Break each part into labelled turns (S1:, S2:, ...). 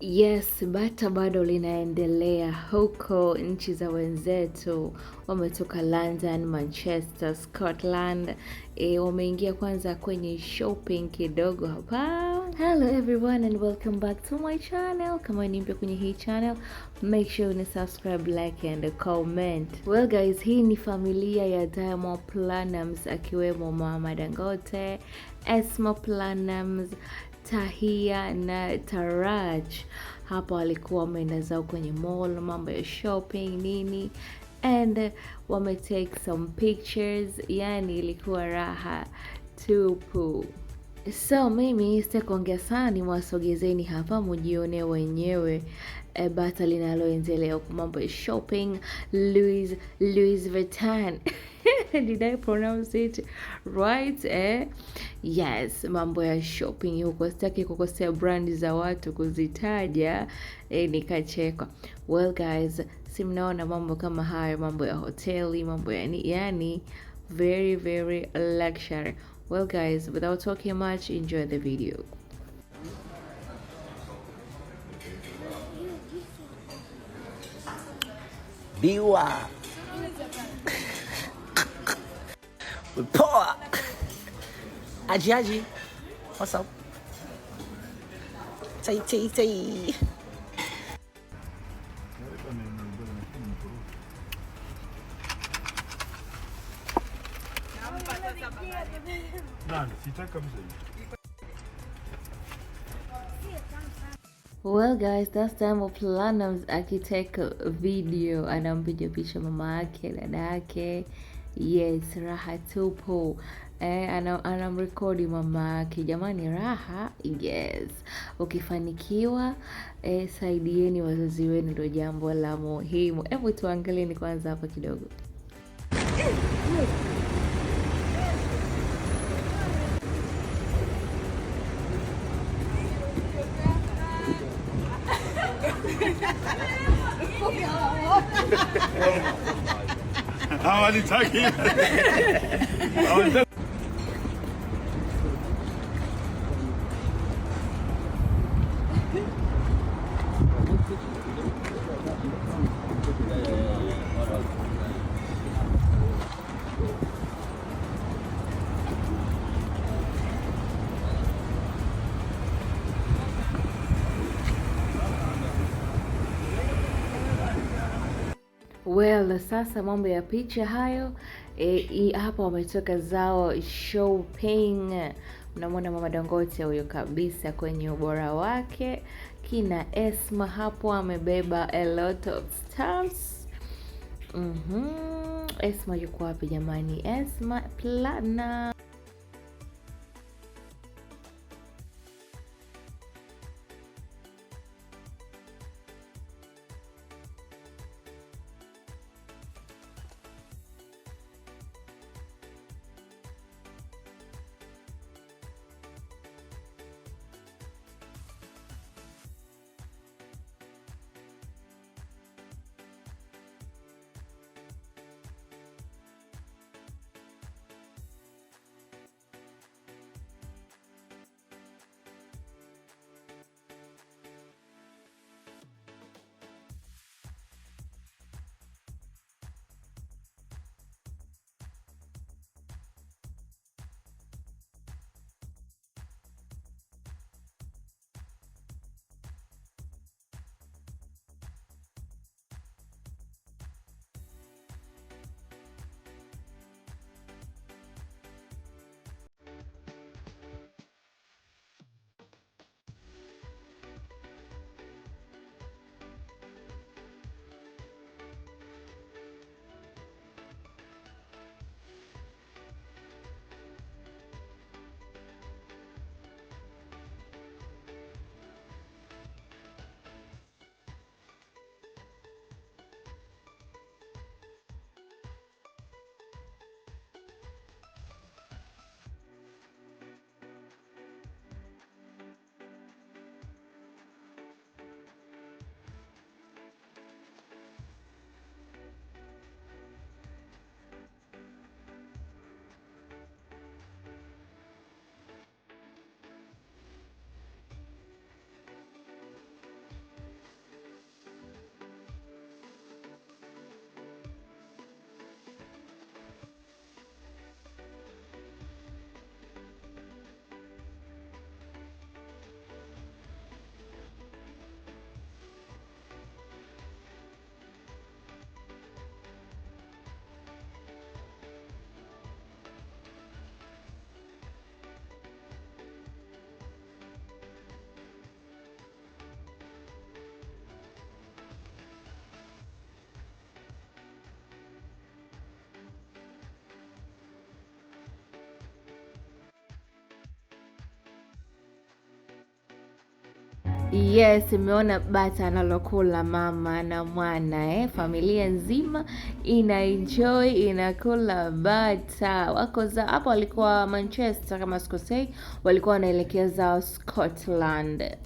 S1: Yes, bata bado linaendelea huko nchi za wenzetu. Wametoka London, Manchester, Scotland. E, wameingia kwanza kwenye shopping kidogo hapa. Hello everyone and welcome back to my channel. Kama ni mpya kwenye hii channel, make sure ni subscribe, like and comment. Well guys, hii ni familia ya Diamond Platnumz akiwemo Mama Dangote, Esma Platnumz Tahia na Taraj hapo walikuwa wameenda zao kwenye mall, mambo ya shopping nini, and wametake some pictures, yani ilikuwa raha tupu. So mimi sitakuongea sana, niwasogezeni hapa mujione wenyewe e, bata linaloendelea huku mambo ya shopping Louis Louis Vuitton did I pronounce it right eh? Yes, mambo ya shopping huko, sitaki kukosea brandi za watu kuzitaja eh, nikachekwa. Well guys, si mnaona mambo kama hayo, mambo ya hoteli, mambo ya ni, yani very very luxury. Well guys, without talking much, enjoy the video.
S2: Biwa with Paul. Aji Aji. What's up? Tai tai tai.
S1: Well guys, that's time of Platinum's akiteka video, anampiga picha mama yake, dada yake Yes, Raha tupo. Eh, anamrekodi ana mama yake jamani, Raha. Yes, ukifanikiwa eh, saidieni wazazi wenu, ndio jambo la muhimu. Hebu tuangalieni kwanza hapa kidogo Aber die Zeit geht. Well, sasa mambo ya picha hayo e, wametoka zao shopping. Unamwona mama Dangote huyo kabisa kwenye ubora wake, kina Esma hapo amebeba a lot of stars. mm -hmm. Esma yuko wapi jamani? Esma Plana Yes, imeona bata analokula mama na mwana eh? Familia nzima ina enjoy inakula bata wako za hapa, walikuwa Manchester kama sikosei, walikuwa wanaelekea zao Scotland.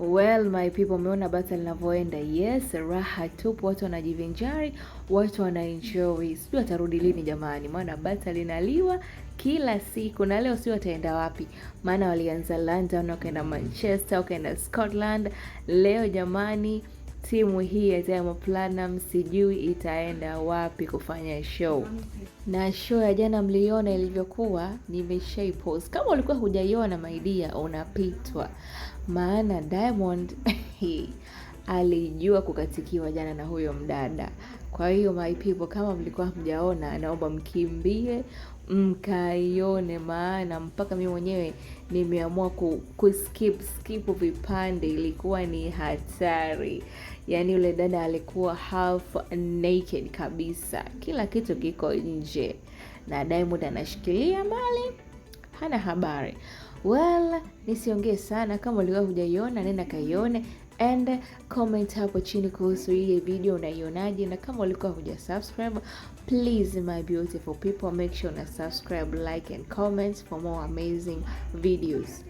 S1: Well my people, umeona bata linavyoenda. Yes, raha tupu, watu wanajivinjari, watu wanaenjoy. Sijui atarudi lini jamani, maana bata linaliwa kila siku, na leo sijui wataenda wapi, maana walianza London, wakaenda Manchester, wakaenda Scotland. Leo jamani timu hii ya Diamond Platinum sijui itaenda wapi kufanya show. Na show ya jana mliona ilivyokuwa, nimeshai post. Kama ulikuwa hujaiona, maidia unapitwa, maana Diamond alijua kukatikiwa jana na huyo mdada. Kwa hiyo my people, kama mlikuwa hamjaona, naomba mkimbie mkaione, maana mpaka mimi mwenyewe nimeamua kuskip skip vipande, ilikuwa ni hatari. Yaani yule dada alikuwa half naked kabisa, kila kitu kiko nje, na Diamond anashikilia mali, hana habari. Well, nisiongee sana. Kama ulikuwa hujaiona, nenda kaione and comment hapo chini kuhusu hii video unaionaje, na kama ulikuwa huja subscribe, please my beautiful people make sure una subscribe, like and comment for more amazing videos.